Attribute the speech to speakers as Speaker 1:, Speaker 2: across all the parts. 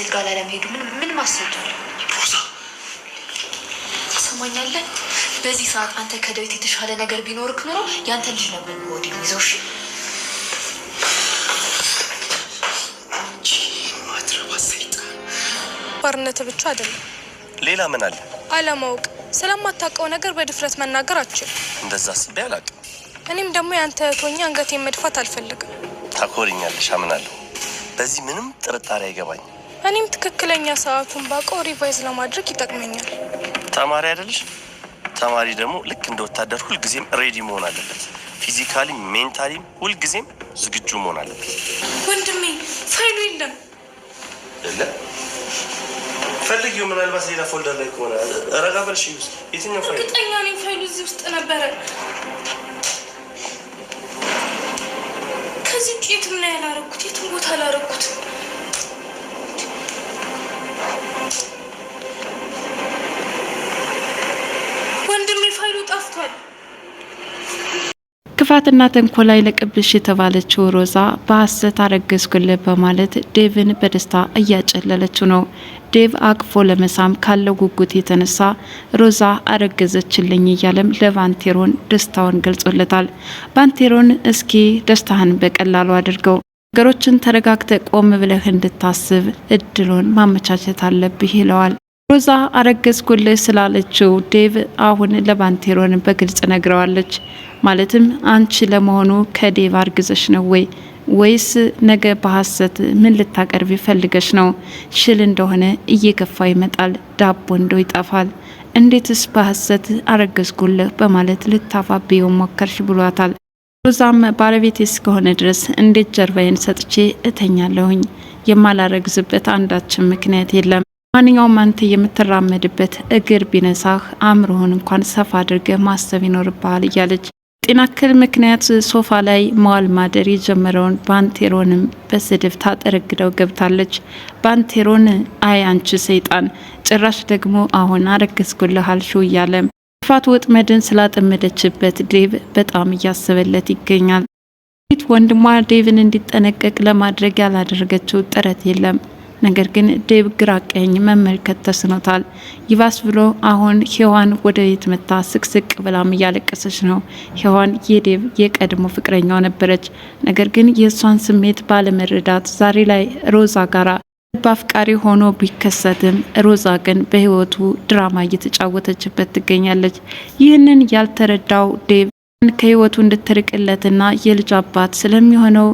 Speaker 1: ሴት ጋር ላለመሄዱ ምን ማስረጃ
Speaker 2: ትሰማኛለህ? በዚህ ሰዓት አንተ ከዳዊት የተሻለ ነገር ቢኖርክ ኖሮ ያንተ ልጅ ነበር ወዲ ይዘው
Speaker 3: ባርነት ብቻ አይደለም። ሌላ ምን አለ? አለማወቅ፣ ስለማታውቀው ነገር በድፍረት መናገር አችል።
Speaker 4: እንደዛ አስቤ አላውቅም።
Speaker 3: እኔም ደግሞ ያንተ ቶኛ አንገቴን መድፋት አልፈልግም።
Speaker 4: ታኮርኛለሽ፣ አምናለሁ። በዚህ ምንም ጥርጣሬ አይገባኝም።
Speaker 3: እኔም ትክክለኛ ሰዓቱን ባውቀው ሪቫይዝ ለማድረግ ይጠቅመኛል።
Speaker 4: ተማሪ አይደለሽ? ተማሪ ደግሞ ልክ እንደ ወታደር ሁልጊዜም ሬዲ መሆን አለበት። ፊዚካሊም ሜንታሊም ሁልጊዜም ዝግጁ መሆን አለበት።
Speaker 3: ወንድሜ ፋይሉ የለም
Speaker 4: የለ ፈልጊው። ምናልባት ሌላ ፎልደር ላይ ከሆነ ረጋ በልሽ። ውስጥ የትኛው ፋይል?
Speaker 3: እርግጠኛ ነኝ ፋይሉ እዚህ ውስጥ ነበረ። ከዚህ ውጭ የትም ላይ ያላረኩት የትም ቦታ አላረኩት።
Speaker 5: ክፋትና ተንኮል አይለቅብሽ የተባለችው ሮዛ በሀሰት አረገዝኩል በማለት ዴቭን በደስታ እያጨለለችው ነው። ዴቭ አቅፎ ለመሳም ካለው ጉጉት የተነሳ ሮዛ አረገዘችልኝ እያለም ለባንቴሮን ደስታውን ገልጾለታል። ባንቴሮን እስኪ ደስታህን በቀላሉ አድርገው፣ ነገሮችን ተረጋግተ ቆም ብለህ እንድታስብ እድሉን ማመቻቸት አለብህ ይለዋል። ሮዛ አረገዝኩልህ ስላለችው ዴቭ አሁን ለባንቴሮን በግልጽ ነግረዋለች። ማለትም አንቺ ለመሆኑ ከዴቭ አርግዘሽ ነው ወይ ወይስ ነገ በሀሰት ምን ልታቀርብ ይፈልገሽ ነው? ሽል እንደሆነ እየገፋ ይመጣል፣ ዳቦ እንደው ይጠፋል። እንዴትስ በሀሰት አረገዝኩልህ በማለት ልታፋብየው ሞከርሽ ብሏታል። ሮዛም ባለቤቴ እስከሆነ ድረስ እንዴት ጀርባዬን ሰጥቼ እተኛለሁኝ? የማላረግዝበት አንዳችን ምክንያት የለም ማንኛውም አንተ የምትራመድበት እግር ቢነሳህ አእምሮህን እንኳን ሰፋ አድርገህ ማሰብ ይኖርብሃል እያለች ጤና ምክንያት ሶፋ ላይ መዋል ማደር የጀመረውን ባንቴሮንም በስድብ ታጠረግደው ገብታለች። ባንቴሮን አይ አንቺ ሰይጣን፣ ጭራሽ ደግሞ አሁን አረገዝኩልህ ሹ እያለ ጥፋት ወጥመድን ስላጠመደችበት ዴቭ በጣም እያሰበለት ይገኛል። ወንድሟ ዴቭን እንዲጠነቀቅ ለማድረግ ያላደረገችው ጥረት የለም። ነገር ግን ዴብ ግራ ቀኝ መመልከት ተስኖታል። ይባስ ብሎ አሁን ሔዋን ወደ ቤት መታ ስቅስቅ ብላም እያለቀሰች ነው። ሔዋን የዴብ የቀድሞ ፍቅረኛው ነበረች። ነገር ግን የእሷን ስሜት ባለመረዳት ዛሬ ላይ ሮዛ ጋራ ልብ አፍቃሪ ሆኖ ቢከሰትም ሮዛ ግን በህይወቱ ድራማ እየተጫወተችበት ትገኛለች። ይህንን ያልተረዳው ዴብ ከህይወቱ እንድትርቅለትና የልጅ አባት ስለሚሆነው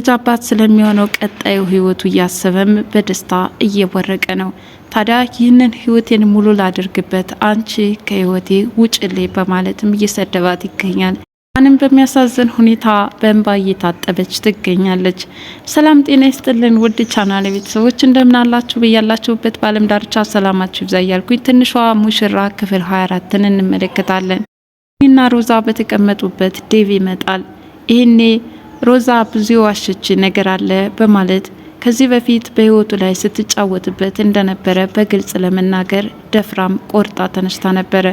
Speaker 5: ልጅ አባት ስለሚሆነው ቀጣዩ ህይወቱ እያሰበም በደስታ እየቦረቀ ነው። ታዲያ ይህንን ህይወቴን ሙሉ ላድርግበት፣ አንቺ ከህይወቴ ውጭሌ በማለትም እየሰደባት ይገኛል። አንም በሚያሳዝን ሁኔታ በእንባ እየታጠበች ትገኛለች። ሰላም ጤና ይስጥልን ውድ ቻናል ቤተሰቦች እንደምናላችሁ፣ በያላችሁበት ዳርቻ ሰላማችሁ ይብዛ እያልኩኝ ትንሿ ሙሽራ ክፍል 24ን እንመለከታለን። ና ሮዛ በተቀመጡበት ዴቭ ይመጣል። ይህኔ ሮዛ ብዙ የዋሸች ነገር አለ በማለት ከዚህ በፊት በህይወቱ ላይ ስትጫወትበት እንደነበረ በግልጽ ለመናገር ደፍራም ቆርጣ ተነስታ ነበረ።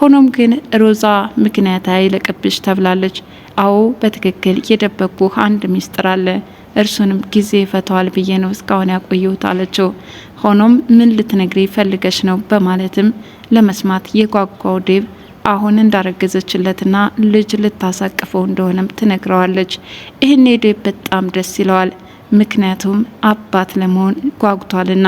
Speaker 5: ሆኖም ግን ሮዛ ምክንያት አይለቅብሽ ተብላለች። አዎ በትክክል የደበቅኩህ አንድ ሚስጥር አለ እርሱንም ጊዜ ፈተዋል ብዬ ነው እስካሁን ያቆየሁት አለችው። ሆኖም ምን ልትነግሪ ፈልገሽ ነው በማለትም ለመስማት የጓጓው ዴብ አሁን እንዳረገዘችለትና ልጅ ልታሳቅፈው እንደሆነም ትነግረዋለች። ይህን ሄዶ በጣም ደስ ይለዋል። ምክንያቱም አባት ለመሆን ጓጉቷልና።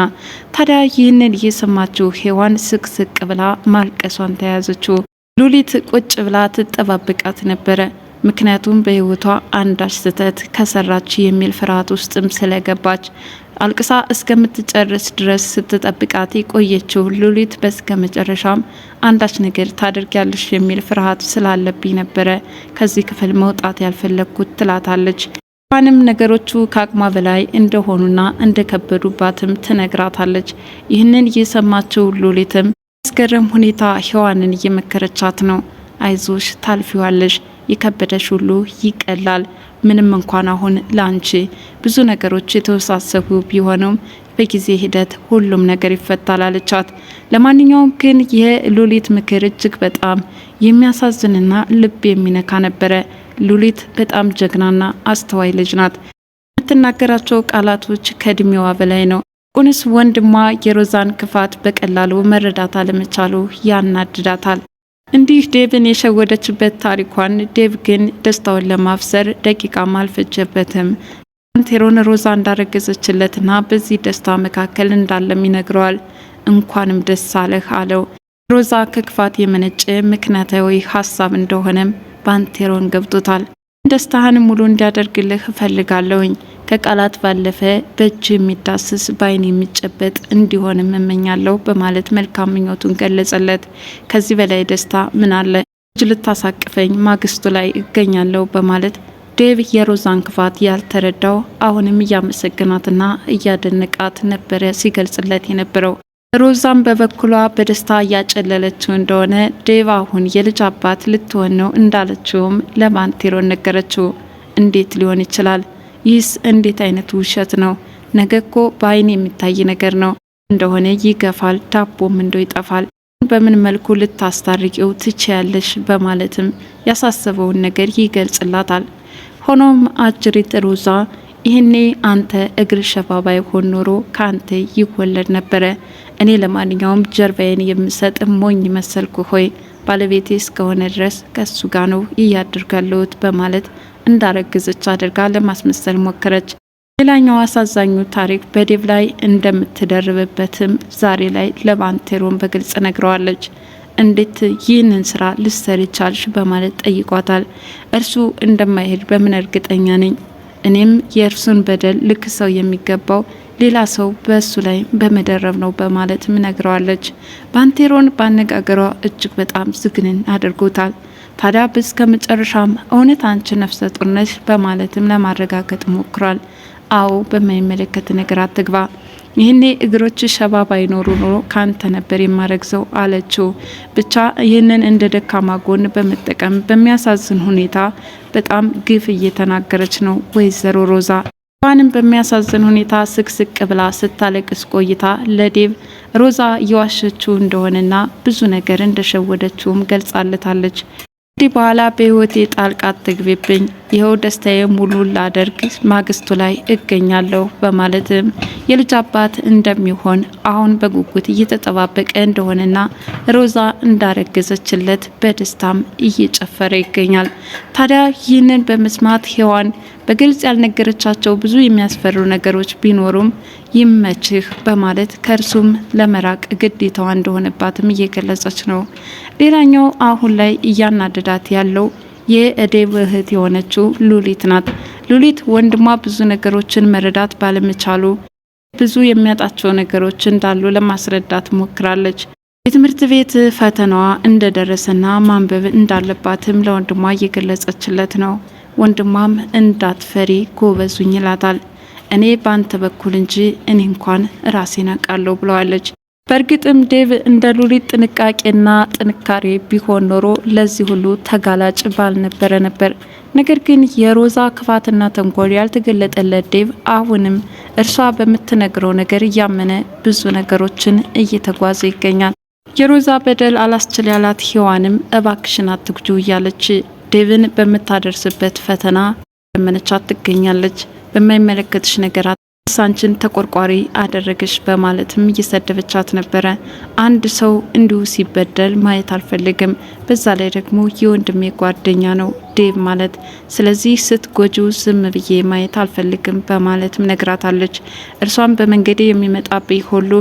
Speaker 5: ታዲያ ይህንን እየሰማችው ሔዋን ስቅስቅ ብላ ማልቀሷን ተያያዘችው። ሉሊት ቁጭ ብላ ትጠባበቃት ነበረ። ምክንያቱም በሕይወቷ አንዳች ስህተት ከሰራች የሚል ፍርሃት ውስጥም ስለገባች አልቅሳ እስከምትጨርስ ድረስ ስትጠብቃት የቆየችው ሉሊት በስከ መጨረሻም አንዳች ነገር ታደርጊያለሽ የሚል ፍርሃት ስላለብኝ ነበረ ከዚህ ክፍል መውጣት ያልፈለግኩት ትላታለች። ንም ነገሮቹ ከአቅሟ በላይ እንደሆኑና እንደከበዱባትም ትነግራታለች። ይህንን የሰማችው ሉሊትም አስገረም ሁኔታ ሔዋንን እየመከረቻት ነው። አይዞሽ ታልፊዋለሽ፣ የከበደሽ ሁሉ ይቀላል ምንም እንኳን አሁን ለአንቺ ብዙ ነገሮች የተወሳሰቡ ቢሆኑም በጊዜ ሂደት ሁሉም ነገር ይፈታል አለቻት። ለማንኛውም ግን የሉሊት ምክር እጅግ በጣም የሚያሳዝንና ልብ የሚነካ ነበረ። ሉሊት በጣም ጀግናና አስተዋይ ልጅ ናት። የምትናገራቸው ቃላቶች ከእድሜዋ በላይ ነው። ቁንስ ወንድሟ የሮዛን ክፋት በቀላሉ መረዳት አለመቻሉ ያናድዳታል። እንዲህ ዴቭን የሸወደችበት ታሪኳን ዴቭ ግን ደስታውን ለማፍሰር ደቂቃም አልፈጀበትም። ቴሮን ሮዛ እንዳረገዘችለትና በዚህ ደስታ መካከል እንዳለም ይነግረዋል። እንኳንም ደስ አለህ አለው። ሮዛ ከክፋት የመነጨ ምክንያታዊ ሀሳብ እንደሆነም ባንቴሮን ገብቶታል። ደስታህን ሙሉ እንዲያደርግልህ እፈልጋለሁኝ ከቃላት ባለፈ በእጅ የሚዳስስ በአይን የሚጨበጥ እንዲሆንም እመኛለሁ በማለት መልካም ምኞቱን ገለጸለት። ከዚህ በላይ ደስታ ምን አለ? እጅ ልታሳቅፈኝ ማግስቱ ላይ እገኛለሁ በማለት ዴቭ የሮዛን ክፋት ያልተረዳው አሁንም እያመሰገናትና እያደነቃት ነበረ ሲገልጽለት የነበረው። ሮዛን በበኩሏ በደስታ እያጨለለችው እንደሆነ ዴቭ አሁን የልጅ አባት ልትሆን ነው እንዳለችውም ለባንቴሮን ነገረችው። እንዴት ሊሆን ይችላል? ይህስ እንዴት አይነት ውሸት ነው? ነገ እኮ በአይን የሚታይ ነገር ነው እንደሆነ ይገፋል፣ ዳቦም እንደው ይጠፋል። በምን መልኩ ልታስታርቂው ትችያለሽ? በማለትም ያሳሰበውን ነገር ይገልጽላታል። ሆኖም አጅሪት ሮዛ ይህኔ አንተ እግር ሸባ ባይሆን ኖሮ ከአንተ ይወለድ ነበረ። እኔ ለማንኛውም ጀርባዬን የምሰጥ ሞኝ መሰልኩ ሆይ ባለቤቴ እስከሆነ ድረስ ከሱ ጋ ነው እያደርጋለሁት በማለት እንዳረገዘች አድርጋ ለማስመሰል ሞከረች። ሌላኛው አሳዛኙ ታሪክ በዴቭ ላይ እንደምትደርብበትም ዛሬ ላይ ለባንቴሮን በግልጽ ነግረዋለች። እንዴት ይህንን ስራ ልሰር ይቻልሽ በማለት ጠይቋታል። እርሱ እንደማይሄድ በምን እርግጠኛ ነኝ? እኔም የእርሱን በደል ልክ ሰው የሚገባው ሌላ ሰው በእሱ ላይ በመደረብ ነው በማለትም ነግረዋለች። ባንቴሮን በአነጋገሯ እጅግ በጣም ዝግንን አድርጎታል። ታዲያ እስከ መጨረሻም እውነት አንቺ ነፍሰ ጡር ነሽ በማለትም ለማረጋገጥ ሞክሯል። አዎ በማይመለከት ነገር አትግባ፣ ይህኔ እግሮች ሸባ ባይኖሩ ኖሮ ካንተ ነበር የማረግዘው አለችው። ብቻ ይህንን እንደ ደካማ ጎን በመጠቀም በሚያሳዝን ሁኔታ በጣም ግፍ እየተናገረች ነው ወይዘሮ ሮዛ። ባንም በሚያሳዝን ሁኔታ ስቅስቅ ብላ ስታለቅስ ቆይታ ለዴቭ ሮዛ እየዋሸችው እንደሆነና ብዙ ነገር እንደሸወደችውም ገልጻለታለች። ከዚህ በኋላ በህይወቴ ጣልቃ አትግቢብኝ፣ ይኸው ደስታዬ ሙሉ ላደርግ ማግስቱ ላይ እገኛለሁ በማለትም የልጅ አባት እንደሚሆን አሁን በጉጉት እየተጠባበቀ እንደሆነና ሮዛ እንዳረገዘችለት በደስታም እየጨፈረ ይገኛል። ታዲያ ይህንን በመስማት ሔዋን በግልጽ ያልነገረቻቸው ብዙ የሚያስፈሩ ነገሮች ቢኖሩም ይመችህ በማለት ከእርሱም ለመራቅ ግዴታዋ እንደሆነባትም እየገለጸች ነው። ሌላኛው አሁን ላይ እያናደዳት ያለው የእዴብ እህት የሆነችው ሉሊት ናት። ሉሊት ወንድሟ ብዙ ነገሮችን መረዳት ባለመቻሉ ብዙ የሚያጣቸው ነገሮች እንዳሉ ለማስረዳት ሞክራለች። የትምህርት ቤት ፈተናዋ እንደደረሰና ማንበብ እንዳለባትም ለወንድሟ እየገለጸችለት ነው። ወንድሟም እንዳትፈሪ ጎበዙኝ ይላታል። እኔ በአንተ በኩል እንጂ እኔ እንኳን ራሴን አውቃለሁ ብለዋለች። በእርግጥም ዴቭ እንደ ሉሊት ጥንቃቄና ጥንካሬ ቢሆን ኖሮ ለዚህ ሁሉ ተጋላጭ ባልነበረ ነበር። ነገር ግን የሮዛ ክፋትና ተንኮል ያልተገለጠለት ዴቭ አሁንም እርሷ በምትነግረው ነገር እያመነ ብዙ ነገሮችን እየተጓዘ ይገኛል። የሮዛ በደል አላስችል ያላት ሔዋንም እባክሽን አትጉጁ እያለች ዴቭን በምታደርስበት ፈተና ለመነቻት ትገኛለች። በማይመለከትሽ ነገራት ሳንችን ተቆርቋሪ አደረገች በማለትም እየሰደበቻት ነበረ። አንድ ሰው እንዲሁ ሲበደል ማየት አልፈልግም። በዛ ላይ ደግሞ የወንድሜ ጓደኛ ነው ዴቭ ማለት ስለዚህ ስትጎጂው ዝም ብዬ ማየት አልፈልግም በማለትም ነግራታለች። እርሷም በመንገዴ የሚመጣብኝ ሁሉ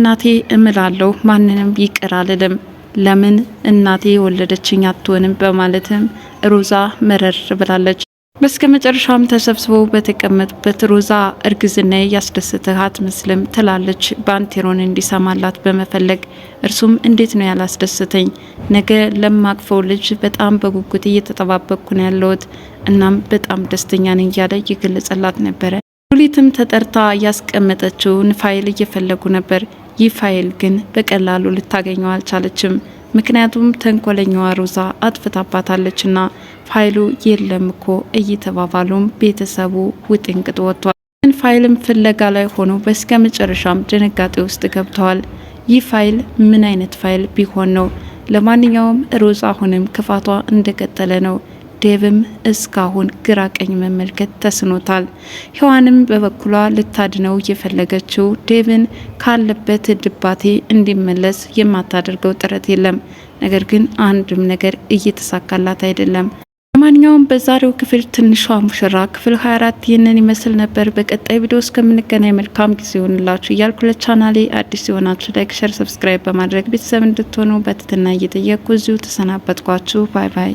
Speaker 5: እናቴ እምላለሁ ማንንም ይቅር አልልም ለምን እናቴ የወለደችኝ አትሆንም በማለትም ሮዛ መረር ብላለች። በስከ መጨረሻም ተሰብስቦ በተቀመጡበት ሮዛ እርግዝና ያስደሰተህ አትመስልም ትላለች ባንቴሮን እንዲሰማላት በመፈለግ እርሱም እንዴት ነው ያላስደሰተኝ? ነገ ለማቅፈው ልጅ በጣም በጉጉት እየተጠባበቅኩ ነው ያለሁት። እናም በጣም ደስተኛ ነኝ እያለ እየገለጸላት ነበረ። ሉሊትም ተጠርታ ያስቀመጠችውን ፋይል እየፈለጉ ነበር። ይህ ፋይል ግን በቀላሉ ልታገኘው አልቻለችም። ምክንያቱም ተንኮለኛዋ ሮዛ አጥፍታባታለችና ፋይሉ የለም እኮ እየተባባሉም ቤተሰቡ ውጥንቅጥ ወጥቷል። ግን ፋይልም ፍለጋ ላይ ሆኖ በስከ መጨረሻም ድንጋጤ ውስጥ ገብተዋል። ይህ ፋይል ምን አይነት ፋይል ቢሆን ነው? ለማንኛውም ሮዛ አሁንም ክፋቷ እንደቀጠለ ነው። ዴቭም እስካሁን ግራ ቀኝ መመልከት ተስኖታል። ሔዋንም በበኩሏ ልታድነው የፈለገችው ዴቭን ካለበት ድባቴ እንዲመለስ የማታደርገው ጥረት የለም። ነገር ግን አንድም ነገር እየተሳካላት አይደለም። ለማንኛውም በዛሬው ክፍል ትንሿ ሙሽራ ክፍል 24 ይህንን ይመስል ነበር። በቀጣይ ቪዲዮ እስከምንገናኝ መልካም ጊዜ ይሆንላችሁ እያልኩ ለቻናሌ አዲስ ሲሆናችሁ ላይክ፣ ሸር፣ ሰብስክራይብ በማድረግ ቤተሰብ እንድትሆኑ በትህትና እየጠየቅኩ እዚሁ ተሰናበትኳችሁ። ባይ ባይ።